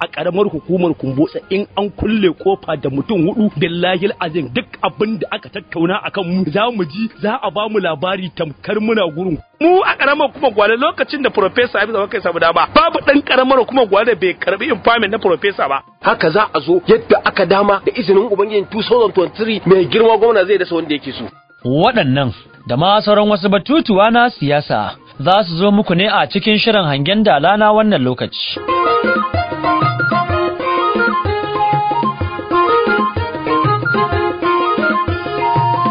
a karamar hukumar kumbotsa in an kulle kofa da mutum hudu billahi azim duk abin da aka tattauna akan mu za mu ji za a ba mu labari tamkar muna gurin mu a karamar kuma gwale lokacin da professor Abisa kai samu ba babu dan karamar kuma gwale bai karbi infamin na professor ba haka za a zo yadda aka dama da izinin ubangiji 2023 mai girma gwamna zai dasa wanda yake so waɗannan da ma sauran wasu batutuwa na siyasa za su zo muku ne a cikin shirin hangen dala na wannan lokaci.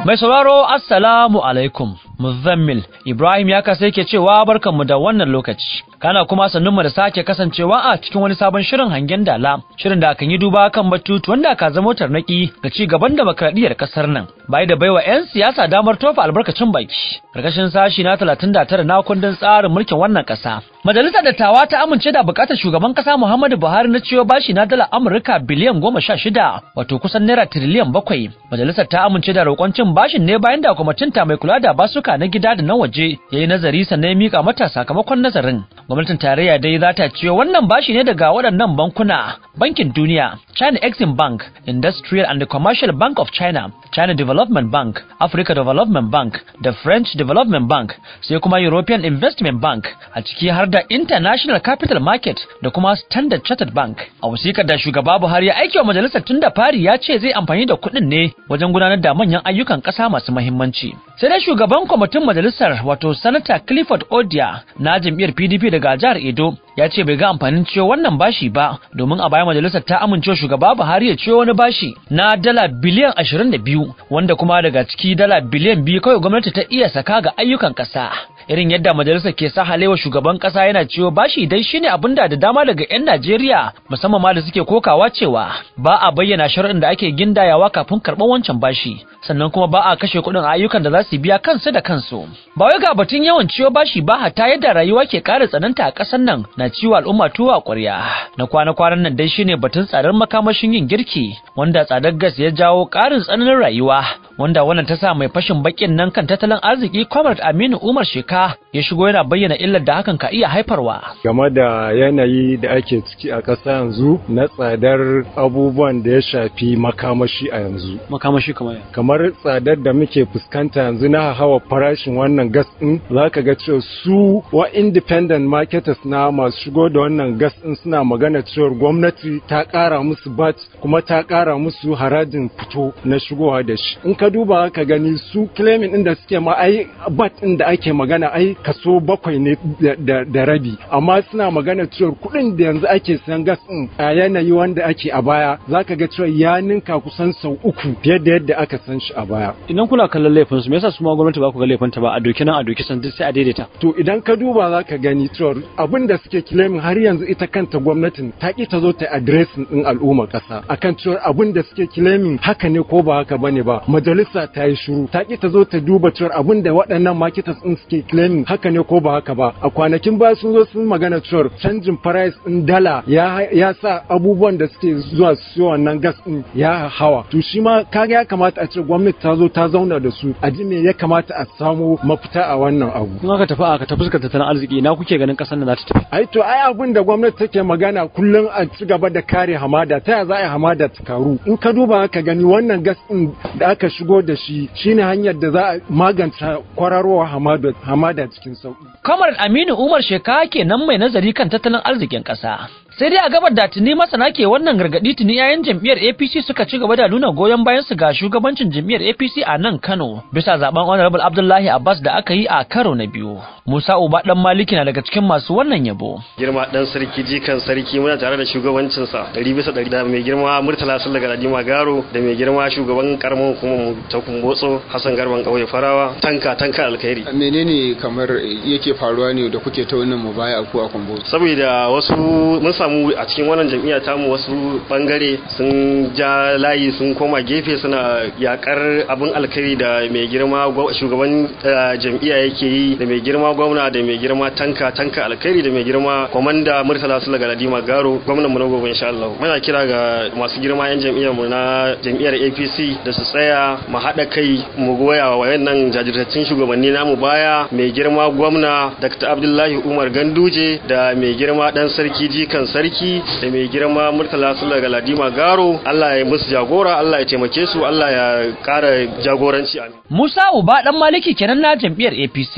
Mai sauraro Assalamu alaikum Muzammil Ibrahim ya kasa yake cewa barkanmu da wannan lokaci kana kuma mu da sake kasancewa a cikin wani sabon shirin hangen dala shirin da kan yi duba kan batutuwan wanda ka zama tarnaki ga ci gaban demokradiyyar kasar nan bai da baiwa 'yan siyasa damar tofa albarkacin baki karkashin sashi na 39 na kundin tsarin mulkin wannan kasa majalisar dattawa ta amince da bukatar shugaban kasa Muhammadu Buhari na cewa bashi na dala Amurka biliyan goma sha shida wato kusan naira tiriliyan bakwai majalisar ta amince da roƙon cin bashin ne bayan da kwamitin ta mai kula da basuka na gida da na waje ya nazari sannan ya mika mata sakamakon nazarin Gwamnatin tarayya dai za ta ciyo wannan bashi ne daga waɗannan bankuna Bankin Duniya, China Exim Bank, Industrial and Commercial Bank of China, China Development Bank, Africa Development Bank da French Development Bank, sai kuma European Investment Bank a ciki har da International Capital Market da kuma Standard Chartered Bank. A wasiƙar da shugaba Buhari ya aiki wa majalisar tun da fari ya ce zai amfani da kuɗin ne wajen gudanar da manyan ayyukan ƙasa masu mahimmanci. Sai dai shugaban kwamitin majalisar wato Sanata Clifford Odia na jam'iyyar PDP da daga jihar Edo ya ce bai ga amfanin ciyo wannan bashi ba domin a baya majalisar ta amince shugaba Buhari ya ciyo wani bashi na dala biliyan 22 wanda kuma daga ciki dala biliyan biyu kawai gwamnati ta iya saka ga ayyukan ƙasa. irin yadda majalisar ke sa halewa shugaban kasa yana ciwo bashi idan shine abin da da dama daga 'yan Najeriya musamman ma da suke kokawa cewa ba a bayyana sharuɗin da ake gindayawa kafin karɓar wancan bashi sannan kuma ba a kashe kuɗin ayyukan da za su biya kansu da kansu ba wai ga batun yawan ciwo bashi ba hatta yadda rayuwa ke ƙara tsananta a ƙasar nan na ciwo al'umma tuwa ƙwarya na kwana-kwanan nan dai shine batun tsadar makamashin yin girki wanda tsadar gas ya jawo ƙarin tsananin rayuwa wanda wannan ta sa mai fashin bakin nan kan tattalin arziki Comrade Aminu Umar sheka ƙasa ya shigo yana bayyana illar da hakan ka iya haifarwa. Game da yanayi da ake ciki a ƙasa yanzu na tsadar abubuwan da ya shafi makamashi a yanzu. Makamashi kamar ya? Kamar tsadar da muke fuskanta yanzu na hawa farashin wannan gas ɗin za ka ga cewa su wa independent marketers na masu shigo da wannan gas ɗin suna magana cewar gwamnati ta kara musu bat kuma ta kara musu harajin fito na shigowa da shi. In ka duba ka gani su claiming ɗin da suke ma ai bat ɗin da ake magana ai kaso bakwai ne da rabi amma suna magana cewa kuɗin da yanzu ake sayan gas ɗin a yanayi wanda ake a baya zaka ga cewa ya ninka kusan sau uku fiye da yadda aka san shi a baya idan kuna kallon laifin su me yasa su ma gwamnati ba ku ga laifin ta ba a doki nan a doki san sai a daidaita to idan ka duba ka gani cewa abin da suke claiming har yanzu ita kanta gwamnatin ta ki ta zo ta addressing din al'umma ƙasa akan cewa abin da suke claiming haka ne ko ba haka bane ba majalisa ta yi shiru ta ki ta zo ta duba cewa abin da waɗannan marketers din suke Claim haka ne ko ba haka ba. A kwanakin baya sun zo sun magana cewar canjin price din dala ya sa abubuwan da suke zuwa su wannan gas din ya hawa. To shi ma kaga ya kamata a ce gwamnati ta zo ta zauna da su a ji me ya kamata a samu mafita a wannan abu. Kuma ka tafi a tafi suka tattalin arziki na kuke ganin ƙasar nan za ta tafi. Ai to ai abin da gwamnati take magana kullum a ci gaba da kare hamada ta ya za a yi hamada ta karu. In ka duba ka gani wannan gas ɗin da aka shigo da shi shine hanyar da za a magance kwararowa hamada amma cikin sauki. Kamar Aminu Umar Sheka kenan mai nazari kan tattalin arzikin ƙasa. sai dai a gabar da tuni masana ke wannan gargadi tuni yayin jam'iyyar APC suka ci gaba da nuna goyon bayan su ga shugabancin jam'iyyar APC a nan Kano bisa zaben Honorable Abdullahi Abbas da aka yi a karo na biyu Musa Uba dan Maliki na daga cikin masu wannan yabo girma dan sarki jikan sarki muna tare da shugabancin sa 100 bisa 100 da mai girma Murtala da Dima Magaro da mai girma shugaban karamin kuma ta Kumbotso Hassan Garban Kauye Farawa tanka tanka alkhairi menene kamar yake faruwa ne da kuke ta wannan mubaya ku a Kumbotso saboda wasu mun samu a cikin wannan ta mu wasu bangare sun ja layi sun koma gefe suna yakar abin alkari da mai girma shugaban eh, jam'iyya yake yi da mai girma gwamna da mai girma tanka tanka alkari da mai girma komanda murtala daga ladima garo gwamnan mu gobe insha Allah muna kira ga masu girma yan jam'iyyar mu na jam'iyyar APC da su tsaya mu haɗa kai mu goya wa wayannan jajirtaccen shugabanni namu baya mai girma gwamna Dr. Abdullahi Umar Ganduje da mai girma dan sarki jikan sarki sarki da mai girma murtala sula galadima garo Allah ya musu jagora Allah ya taimake su Allah ya kara jagoranci amin Musa Uba dan Maliki kenan na jam'iyyar APC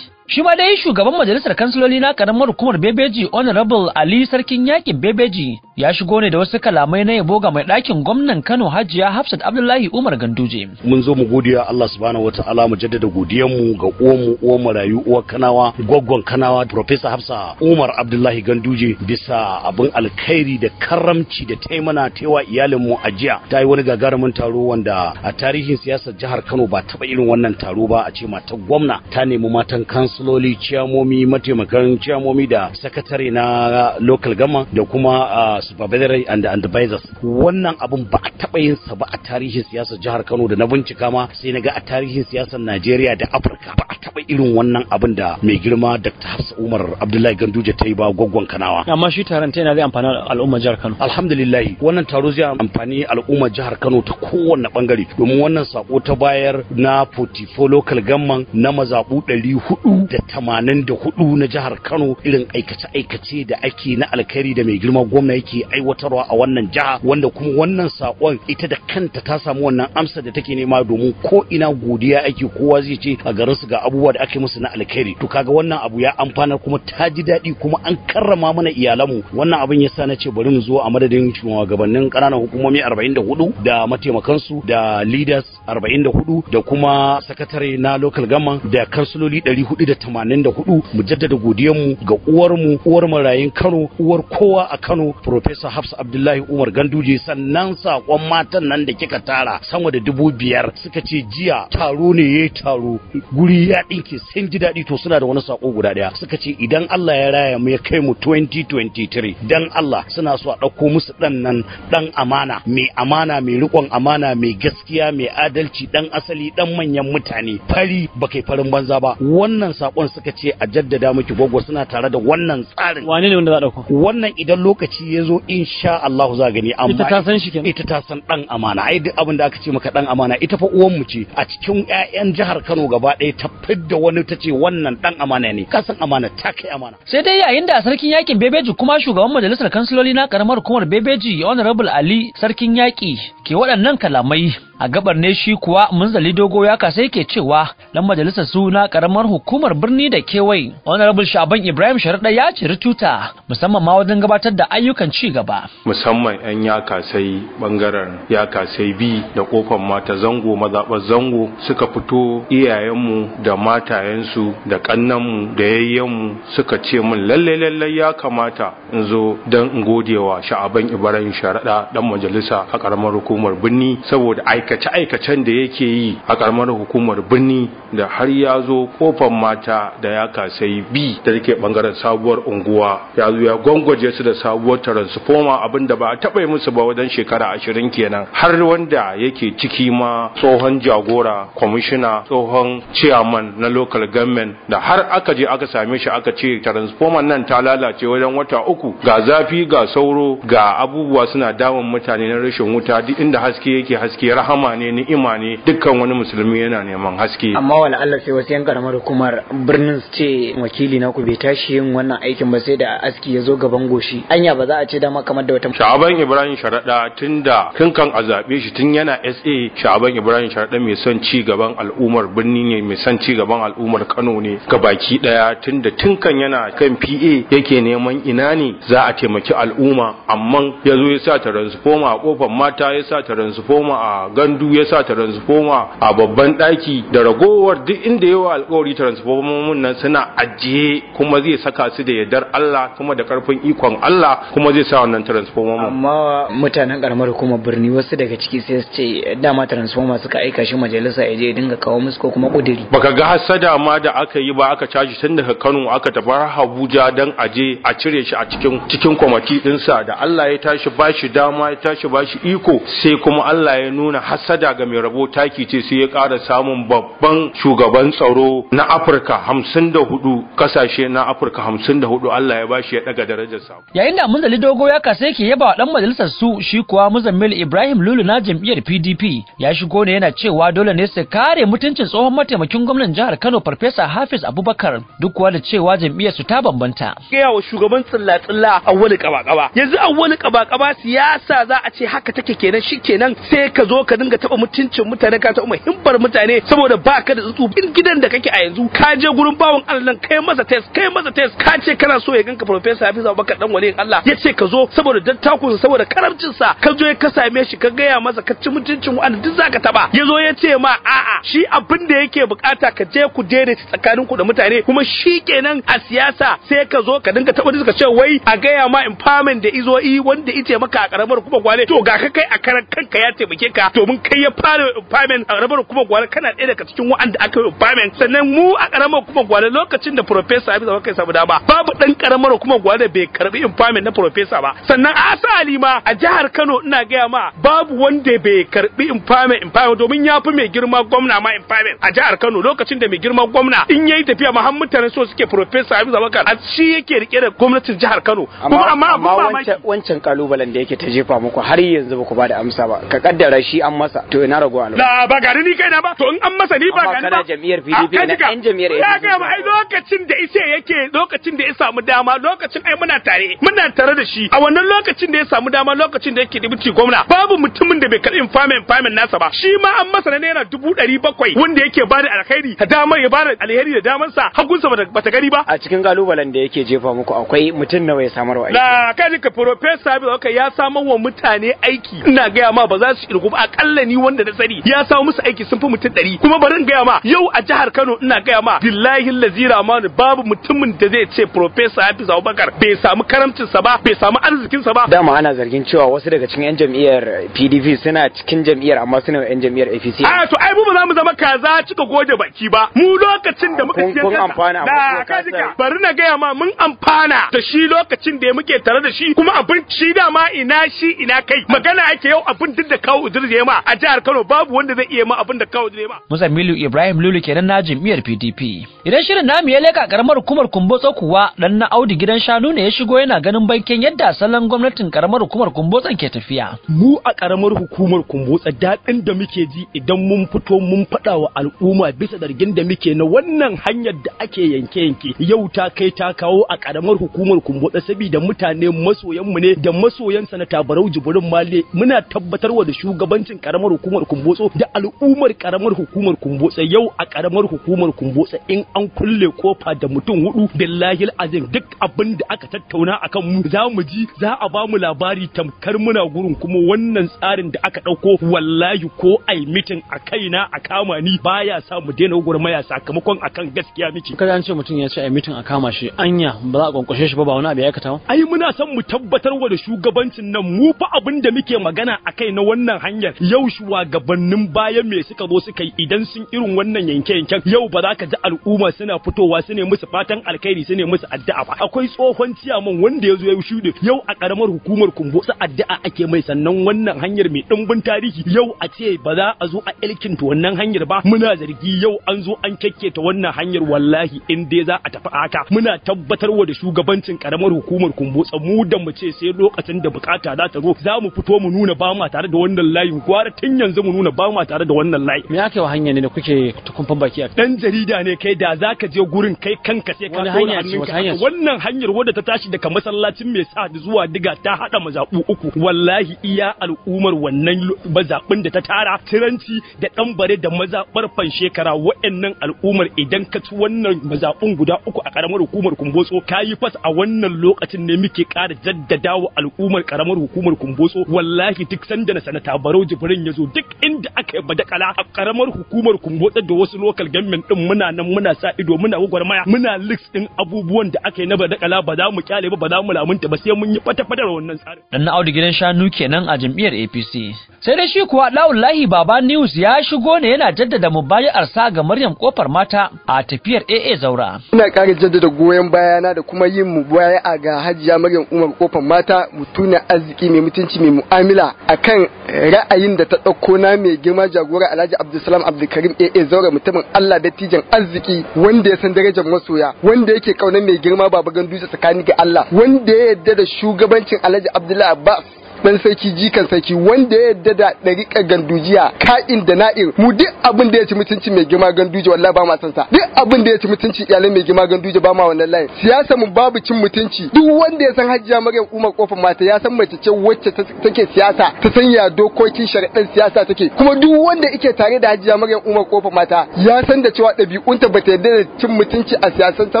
Shi ma dai shugaban majalisar kansiloli na karamar hukumar Bebeji Honorable Ali Sarkin yakin Bebeji ya shigo ne da wasu kalamai na yabo ga mai ɗakin gwamnan Kano Hajiya Hafsat Abdullahi Umar Ganduje. Mun zo mu godiya Allah subhanahu wataala mu jaddada mu ga uwan mu uwan marayu uwar Kanawa gwaggon Kanawa Professor Hafsa Umar Abdullahi Ganduje bisa abin alkhairi da karamci da taimana taiwa iyalin mu a jiya. ta yi wani gagarumin taro wanda a tarihin siyasar jihar Kano ba taɓa irin wannan taro ba a ce mata gwamna ta nemi matan kansa kansiloli ciyamomi mataimakan ciyamomi da sakatare na local gama da kuma ah, supervisory and advisors wannan abun ba a taɓa yin sa ba a tarihin siyasar jihar kano da na bincika ma sai na ga a tarihin siyasar najeriya da afirka ba a taɓa irin wannan abun da mai girma dr hafsa umar abdullahi ganduje ta yi ba gwaggon kanawa amma shi taron ta zai amfani al'ummar jihar kano alhamdulillah wannan taro zai amfani al'ummar jihar kano ta kowanne bangare domin wannan sako ta bayar na 44 local government na mazabu 400 da tamanin da hudu na jihar Kano irin aikace-aikace da ake na alkhairi da mai girma gwamna yake aiwatarwa a wannan jiha wanda kuma wannan sakon ita da kanta ta samu wannan amsa da take nema domin ko ina godiya ake kowa zai ce a garin su ga abubuwa da ake musu na alkhairi to kaga wannan abu ya amfana kuma ta ji daɗi kuma an karrama mana iyalanmu wannan abin yasa na ce bari mu zo a madadin shugabannin ƙananan hukumomi 44 da mataimakansu da leaders 44 da kuma sakatare na local government da kansuloli 400 1984 mu jaddada mu ga uwar mu uwar marayin Kano uwar kowa a Kano Professor Hafsa Abdullahi Umar Ganduje sannan sakon matan nan da kika tara sama da dubu biyar suka ce jiya taro ne yayi taro guri ya dinke sun ji daɗi to suna da wani sako guda ɗaya suka ce idan Allah ya raya mu ya kai mu 2023 dan Allah suna so a ɗauko musu ɗan nan ɗan amana mai amana mai riƙon amana mai gaskiya mai adalci dan asali dan manyan mutane fari ba kai farin banza ba wannan sakon suka ce a jaddada miki gwaggo suna tare da wannan tsarin wane ne wanda za dauko wannan idan lokaci ya zo insha Allah za gani amma ita ta san shi kenan ita ta san dan amana ai duk abin da aka ce maka dan amana ita fa uwan mu ce a cikin ƴaƴan jihar Kano gaba ɗaya ta fidda wani ta ce wannan dan amana ne ka san amana ta kai amana sai dai yayin da sarkin yakin Bebeji kuma shugaban majalisar kansiloli na karamar hukumar Bebeji Honorable Ali sarkin yaki ke waɗannan kalamai a gabar ne shi kuwa munzali dogo ya kasa yake cewa dan majalisar suna karamar hukumar birni da kewaye honorable shaban ibrahim sharaɗa ya ciri tuta musamman ma wajen gabatar da ayyukan ci gaba musamman yan ya kasai bangaren ya kasai bi da kofar mata zango mazaɓar zango suka fito iyayenmu da matayensu da kannanmu da yayyenmu suka ce min lallai lallai ya kamata in zo don in gode wa sha'aban ibrahim sharaɗa dan majalisa a karamar hukumar birni saboda aika aikace-aikacen da yake yi a karamar hukumar birni da har ya zo kofar mata da ya kasai bi da rike bangaren sabuwar unguwa ya zo ya gwangwaje su da sabuwar transforma abin da ba a taɓa musu ba wajen shekara ashirin kenan har wanda yake ciki ma tsohon jagora kwamishina tsohon ciyaman na local government da har aka je aka same shi aka ce transformer nan ta lalace wajen wata uku ga zafi ga sauro ga abubuwa suna damun mutane na rashin wuta duk inda haske yake haske rahama rahama ne ni'ima ne dukkan wani musulmi yana neman haske amma wala Allah sai wasu yan karamar hukumar birnin su ce wakili na ku bai tashi yin wannan aikin ba sai da aski ya zo gaban goshi anya ba za a ce dama kamar da wata sha'aban ibrahim sharaɗa tun da tun kan a zaɓe shi tun yana sa sha'aban ibrahim sharaɗa mai son ci gaban al'ummar birni ne mai son ci gaban al'ummar kano ne ga baki ɗaya tunda da tun kan yana kan pa yake neman ina ne za a taimaki al'umma amma ya zo ya sa transformer a kofar mata ya sa transformer a gandu ya sa transformer a babban daki da ragowar duk inda yawa alkawari transformer nan suna ajiye kuma zai saka su da yardar Allah kuma da karfin ikon Allah kuma zai sa wannan transformer amma mutanen karamar kuma birni wasu daga ciki sai su ce dama transformer suka aika shi majalisa ya je dinga kawo musu ko kuma kudiri baka ga hasada ma da aka yi ba aka caji tun daga Kano aka tafi Abuja dan aje a cire shi a cikin cikin kwamati dinsa da Allah ya tashi bashi dama ya tashi bashi iko sai kuma Allah ya nuna hasada ga mai rabo taki ce sai ya ƙara samun babban shugaban tsaro na Afirka hamsin da hudu kasashe na Afirka hamsin da hudu Allah ya bashi ya daga darajar sa. Yayin da Munzali Dogo ya kasa yake yaba dan majalisar su shi kuwa Muzammil Ibrahim Lulu na jam'iyyar PDP ya shigo ne yana cewa dole ne su kare mutuncin tsohon mataimakin gwamnan jihar Kano Farfesa Hafiz Abubakar duk kuwa da cewa jam'iyyar su ta bambanta. Gaya wa shugaban tsilla-tsilla wani kaba-kaba yanzu wani kaba-kaba siyasa za a ce haka take kenan shi kenan sai ka zo ka dinga taba mutuncin mutane ka taba himbar mutane saboda baka da tsutsu in gidan da kake a yanzu ka je gurin bawon Allah kai masa test kai masa test ka ce kana so ya ganka professor Hafiz Abubakar dan waliyin Allah ya ce ka zo saboda dattakun saboda karamcin sa ka zo ka same shi ka gaya masa ka ci mutuncin wanda duk zaka taba ya zo ya ce ma a'a shi abin da yake bukata ka je ku daidaita tsakanin ku da mutane kuma shi kenan a siyasa sai ka zo ka dinga taba duka ce wai a gaya ma empowerment da izo i wanda ice maka a karamar kuma gwale to ga ka kai a karan kanka ya taimake ka to mun kai ya fara famen a ƙaramar kuma gwale kana ɗaya daga cikin wa'anda aka yi famen sannan mu a ƙaramar kuma gwale lokacin da profesa abin zama kai samu dama babu ɗan ƙaramar kuma gwale bai karɓi infamen na profesa ba sannan a asali ma a jihar Kano ina gaya ma babu wanda bai karɓi in infamen domin ya fi mai girma gwamna ma infamen a jihar Kano lokacin da mai girma gwamna in yi tafiya ma har mutane so suke profesa abin da a shi yake riƙe da gwamnatin jihar Kano kuma amma abin mamaki wancan kalubalen da yake ta jefa muku har yanzu ba ku ba da amsa ba ka kaddara shi an masa to ina rago alwa la ba gari ni kaina ba to in an masa ni ba gani ba jami'ar PDP na ɗan jami'ar APC ga ai lokacin da ise yake lokacin da ya samu dama lokacin ai muna tare muna tare da shi a wannan lokacin da ya samu dama lokacin da yake dibiti gwamna babu mutumin da bai karɓi infamen infamen nasa ba shi ma an masa na naira dubu ɗari bakwai wanda yake ba da alkhairi da damar ya ba da alheri da damar sa hagunsa bata gani ba a cikin kalubalen da yake jefa muku akwai mutum nawa ya samar wa aiki la kai ka professor Abdul ya samar wa mutane aiki ina ga ma ba za su irgu ba akalla ni wanda na sani ya sa musu aiki sun fi mutum ɗari kuma barin gaya ma yau a jihar Kano ina gaya ma billahi lazira manu babu mutumin da zai ce Profesa Hafiz Abubakar bai samu karamcinsa ba bai samu arzikinsa ba. Dama ana zargin cewa wasu daga cikin 'yan jam'iyyar PDP suna cikin jam'iyyar amma suna 'yan jam'iyyar APC. A to ai mu ba za mu zama kaza cika goje baki ba mu lokacin da muka ciye kasa. Da ka jika bari na gaya ma mun amfana da shi lokacin da muke tare da shi kuma abin shi dama ina shi ina kai magana ake yau abin duk da kawo Idris ma a jihar Kano babu wanda zai iya ma abin da kawai ne ba. Milu Ibrahim Lulu kenan na jam'iyyar PDP. Idan shirin namu ya leka karamar hukumar Kumbotso kuwa dan na Audu gidan shanu ne ya shigo yana ganin bankin yadda salon gwamnatin karamar hukumar kumbotso ke tafiya. Mu a karamar hukumar Kumbotso daɗin da muke ji idan mun fito mun faɗa wa al'umma bisa dargin da muke na wannan hanyar da ake yanke-yanke yau ta kai ta kawo a karamar hukumar Kumbotso saboda mutane masoyanmu ne da masoyan sanata Barau Jibrin Male muna tabbatarwa da shugabancin karamar hukumar kumbotso da al'ummar karamar hukumar kumbotso yau a karamar hukumar kumbotso in an kulle kofa da mutum hudu billahi azim duk abin da aka tattauna akan mu za mu ji za a ba mu labari tamkar muna gurin kuma wannan tsarin da aka dauko wallahi ko ai mitin a kaina a kama ni baya sa mu daina gurmaya sakamakon akan gaskiya miki kada an ce mutum ya ce ai mitin a kama shi anya ba za a kwankwashe shi ba ba wani abu ya aikata ba ai muna son mu tabbatar wa da shugabancin nan mu fa abin da muke magana akai na wannan hanyar yau shugabannin baya me suka zo suka yi idan sun irin wannan yanke-yanken yau ba za ka ji al'umma suna fitowa su ne musu fatan alkhairi su ne musu addu'a ba akwai tsohon ciyaman wanda ya zo ya shuɗe yau a karamar hukumar kumbo sa addu'a ake mai sannan wannan hanyar mai ɗumbin tarihi yau a ce ba za a zo a to wannan hanyar ba muna zargi yau an zo an ta wannan hanyar wallahi in dai za a tafi haka muna tabbatar wa da shugabancin karamar hukumar kumbo mu da mu ce sai lokacin da bukata za ta zo za mu fito mu nuna ba ma tare da wannan layin kwa gwara tun yanzu mu nuna ba ma tare da wannan layi me yake wa hanya ne kuke tukunfan baki a dan jarida ne kai da zaka je gurin kai kanka sai ka hanya ce wannan hanyar wadda ta tashi daga masallacin mai sa zuwa diga ta hada mazabu uku wallahi iya al'umar wannan mazabin da ta tara tiranci da dan bare da mazabar fan shekara wa'annan al'umar idan ka ci wannan mazabun guda uku a karamar hukumar kumbotso kayi fas a wannan lokacin ne muke kara jaddadawa al'umar karamar hukumar kumbotso wallahi duk sanda na sanata barau jibril lamarin ya zo duk inda aka yi badakala a karamar hukumar ku. motsa da wasu local government din muna nan muna sa ido muna gwagwarmaya muna list din abubuwan da aka yi na badakala ba za mu kyale ba ba za mu lamunta ba sai mun yi fata fata wannan tsarin dan na audu gidan shanu kenan a jam'iyyar APC sai dai shi kuwa Laulahi Baba News ya shigo ne yana jaddada mubayar sa ga Maryam Kofar Mata a tafiyar AA Zaura ina kare jaddada goyon bayana da kuma yin a ga Hajiya Maryam Umar Kofar Mata mutuna arziki mai mutunci mai mu'amala akan ra'ayin da da ta ɗauko na mai girma jagora Alhaji Abdulsalam Abdulkarim AA Zaure mutumin Allah dattijan arziki wanda ya san darajar masoya wanda yake kauna mai girma Baba ganduza tsakani ga Allah wanda ya yarda da shugabancin Alhaji Abdullahi Abbas dan sarki jikan sarki wanda ya yadda da dariƙa gandujiya ka'in da na'ir mu duk abin da ya ci mutunci mai girma ganduje wallahi ba ma san sa duk abin da ya ci mutunci iyalai mai girma ganduje ba ma wannan layin siyasa mu babu cin mutunci duk wanda ya san hajjiya maryam umar kofar mata ya san mace ce wacce take siyasa ta sanya dokokin shari'ar siyasa take kuma duk wanda yake tare da hajjiya maryam umar kofar mata ya san da cewa ɗabi'unta ta yarda da cin mutunci a siyasan ta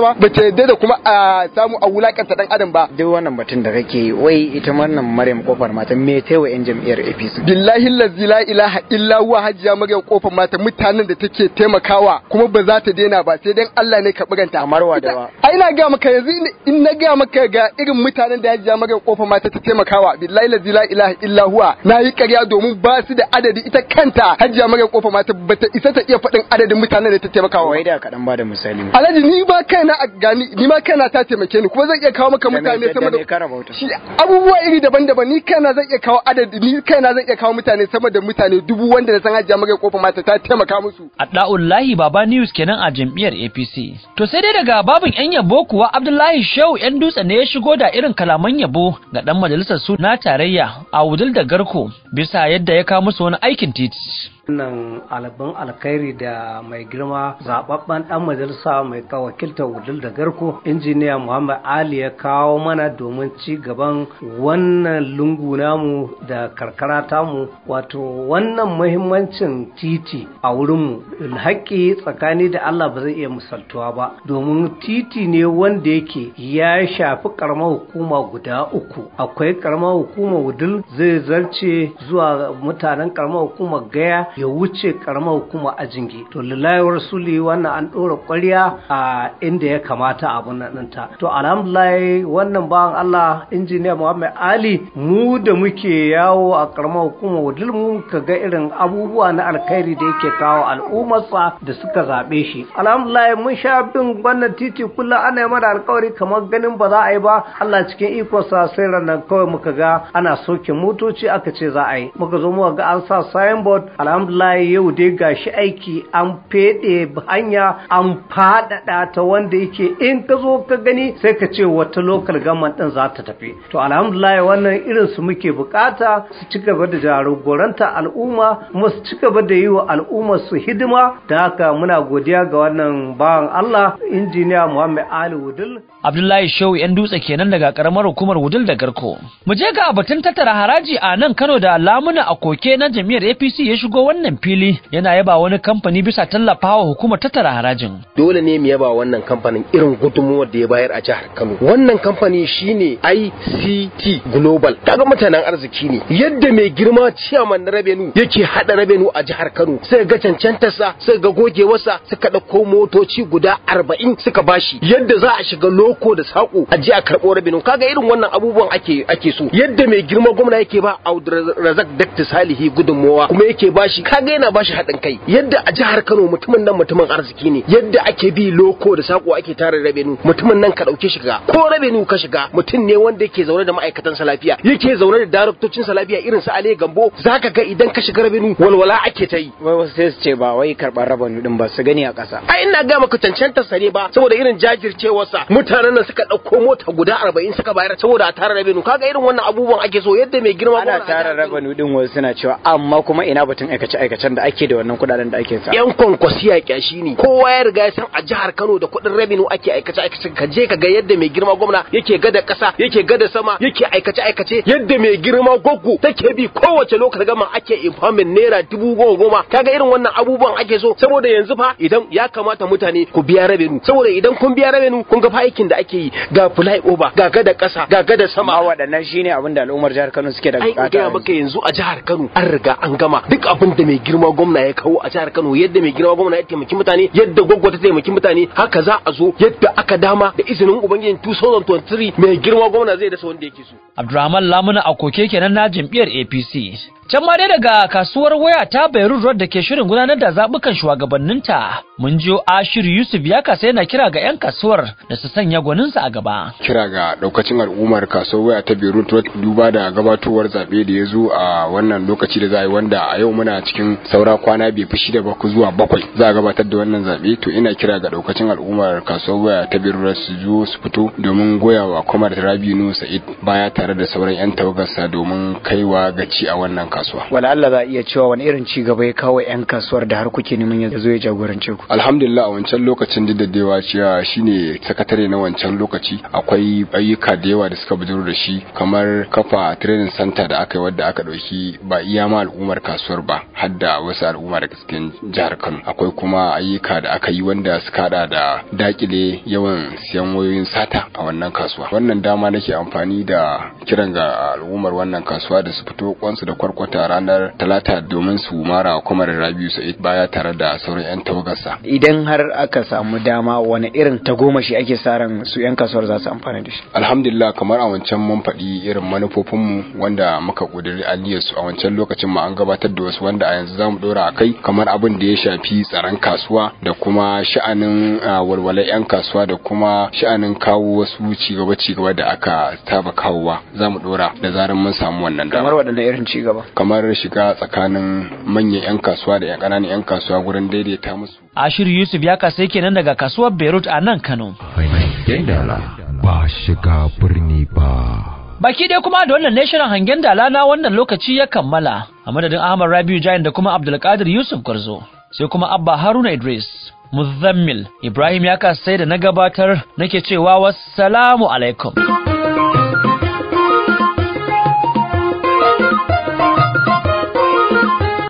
ba ta yarda da kuma a samu a wulakanta dan adam ba duk wannan batun da kake wai ita wannan maryam kofar mata me wa yan jam'iyyar APC billahi lazi la ilaha illa huwa hajiya magan kofar mata mutanen da take taimakawa kuma ba za ta daina ba sai dan Allah ne ka buganta da wa. ai na ga maka yanzu in na ga maka ga irin mutanen da hajiya magan kofar mata ta taimakawa billahi lazi la ilaha illa huwa na yi ƙarya domin ba su da adadi ita kanta hajiya magan kofar mata ta isa ta iya faɗin adadin mutanen da ta taimakawa wai da kaɗan ba da misali alhaji ni ma kaina a gani ni ma kaina ta taimake ni kuma zan iya kawo maka mutane sama da abubuwa iri daban-daban ni kai. kaina zan iya kawo adadi ni kaina zan iya kawo mutane sama da mutane dubu wanda na san hajiya magai kofar mata ta taimaka musu Adlaullahi Baba News kenan a jam'iyyar APC to sai dai daga babin yan yabo kuwa Abdullahi Shehu yan dutse ne ya shigo da irin kalaman yabo ga dan majalisar su na tarayya a wudul da garko bisa yadda ya kawo musu wani aikin titi wannan albin alkhairi da mai girma zababben dan majalisa mai wakiltar wudul da garko injiniya muhammad ali ya kawo mana domin ci gaban wannan lungu namu da karkara tamu wato wannan muhimmancin titi a wurinmu haƙƙi tsakani da allah ba zai iya misaltuwa ba domin titi ne wanda yake ya shafi karamar hukuma guda uku akwai karamar hukuma wudul zai zarce zuwa mutanen karamar hukuma gaya ya wuce karamar hukuma a jingi to lillahi rasuli wannan an ɗora ƙwarya a inda ya kamata abu nan ta to alhamdulillah wannan bawan Allah injiniya Muhammad Ali mu da muke yawo a karamar hukuma wadil mu ka ga irin abubuwa na alkhairi da yake kawo al'ummarsa da suka zaɓe shi alhamdulillah mun sha bin wannan titi kullum ana yi mana alkawari kamar ganin ba za a yi ba Allah cikin ikonsa sai ranar kawai muka ga ana soke motoci aka ce za a yi muka zo muka ga an sa signboard alhamdulillah alhamdulillah yau dai gashi aiki an fede hanya an faɗaɗa ta wanda yake in ka zo ka gani sai ka ce wata lokal gaman ɗin za ta tafi to alhamdulillah wannan irin su muke bukata su ci gaba da jagoranta al'umma kuma su ci gaba da yi wa al'umma su hidima da haka muna godiya ga wannan bawan Allah injiniya Muhammad Ali Wudul Abdullahi Shehu yan dutse kenan daga karamar hukumar Wudul da Garko mu je ga batun tattara haraji a nan Kano da lamuna a koke na jami'ar APC ya shigo wannan fili yana yaba wani kamfani bisa tallafawa hukumar tattara harajin dole ne mu yaba wannan kamfanin irin gudunmuwar da ya bayar a jihar Kano wannan kamfani shine ICT Global kaga mutanen arziki ne yadda mai girma ciyaman na Rabenu yake hada Rabenu a jihar Kano sai ga cancantarsa sai ga gogewarsa suka dauko motoci guda 40 suka bashi yadda za a shiga loko da sako a je a karbo Rabenu kaga irin wannan abubuwan ake ake so yadda mai girma gwamna yake ba Abdulrazak Dakta Salihi gudunmuwa kuma yake bashi kaga yana bashi haɗin kai yadda a jihar Kano mutumin nan mutumin arziki ne yadda ake bi loko da sako ake tara rabenu mutumin nan ka dauke shiga ko rabenu ka shiga mutum ne wanda yake zaune da ma'aikatan salafiya yake zaune da daraktocin salafiya irin su Ale Gambo zaka ga idan ka shiga rabenu walwala ake ta yi wai wasu sai su ce ba wai karban rabenu din ba su gani a ƙasa ai ina ga maka cancanta ba saboda irin jajircewar sa mutanen nan suka ɗauko mota guda 40 suka bayar saboda a tara rabenu kaga irin wannan abubuwan ake so yadda mai girma ana tara rabenu din wasu suna cewa amma kuma ina batun aikace aikace-aikacen da ake da wannan kudaden da ake sa yan ya kyashi ne kowa ya riga ya san a jihar Kano da kudin revenue ake aikace aikace ka je ka ga yadda mai girma gwamna yake gada kasa yake gada sama yake aikace-aikace yadda mai girma goggo take bi kowace lokacin gama ake infamin naira dubu goma goma kaga irin wannan abubuwan ake so saboda yanzu fa idan ya kamata mutane ku biya revenue saboda idan kun biya revenue kun ga fa aikin da ake yi ga fly over ga gada kasa ga gada sama wadannan shine abin da al'ummar jihar Kano suke da bukata ai ga maka yanzu a jihar Kano an riga an gama duk abin da yadda mai girma gwamna ya kawo a jihar Kano yadda mai girma gwamna ya taimaki mutane yadda gwaggwa ta taimaki mutane haka za a zo yadda aka dama da izinin ubangijin 2023 mai girma gwamna zai dasa wanda yake so Abdulrahman Lamuna a koke kenan na jam'iyyar APC Can ma dai daga kasuwar waya ta Beirut Road da ke shirin gudanar da zabukan shugabanninta, mun jiyo Ashiru Yusuf ya kasa yana kira ga 'yan kasuwar da su sanya gwaninsa a gaba. Kira ga ɗaukacin al'ummar kasuwar waya ta Beirut Road duba da gabatowar zabe da ya zo a wannan lokaci da za a yi wanda a yau muna cikin saura kwana bai fi shida bakwai zuwa bakwai za a gabatar da wannan zaɓe to ina kira ga ɗaukacin al'ummar kasuwar waya ta Beirut Road su zo su fito domin goya wa Kwamar Rabiu Sa'id baya tare da sauran 'yan tawagarsa domin kaiwa gaci a wannan kasuwa wala Allah za a iya cewa wani irin ci gaba ya kawo yan kasuwar da har kuke neman ya zo ya jagorance ku alhamdulillah a wancan lokacin da daddadewa cewa shine sakatare na wancan lokaci akwai ayyuka da yawa da suka bujuro da shi kamar kafa training center da aka yi wadda aka ɗauki ba iya ma al'ummar kasuwar ba har da wasu al'umma daga cikin jihar Kano akwai kuma ayyuka da aka yi wanda suka hada da dakile yawan siyan wayoyin sata a wannan kasuwa wannan dama nake amfani da kiran ga al'ummar wannan kasuwa da su fito kwansu da kwarkwa kwata ranar talata domin su mara kuma rabiu sa'id baya tare da sauran 'yan tawagarsa idan har aka samu dama wani irin shi ake sa ran su 'yan kasuwar za su amfana da shi alhamdulillah kamar a wancan mun faɗi irin manufofinmu wanda muka ƙudiri su a wancan lokacin ma an gabatar da wasu wanda a yanzu za mu ɗora a kai kamar abin da ya shafi tsaron kasuwa da kuma sha'anin walwalar 'yan kasuwa da kuma sha'anin kawo wasu cigaba-cigaba da aka taba kawowa za mu ɗora da zarar mun samu wannan dama kamar waɗannan irin cigaba kamar shiga tsakanin manyan 'yan kasuwa da 'yan ƙananan 'yan kasuwa gurin daidaita musu. Ashiru Yusuf ya kasa kenan daga kasuwar Beirut a nan Kano. Ba shiga birni ba. Baki dai kuma da wannan ne shirin hangen dala na wannan lokaci ya kammala a madadin Ahmad Rabiu Jain da kuma Abdulkadir Yusuf Garzo sai kuma Abba Haruna Idris Muzammil Ibrahim ya kasa sai da na gabatar nake cewa wassalamu alaikum.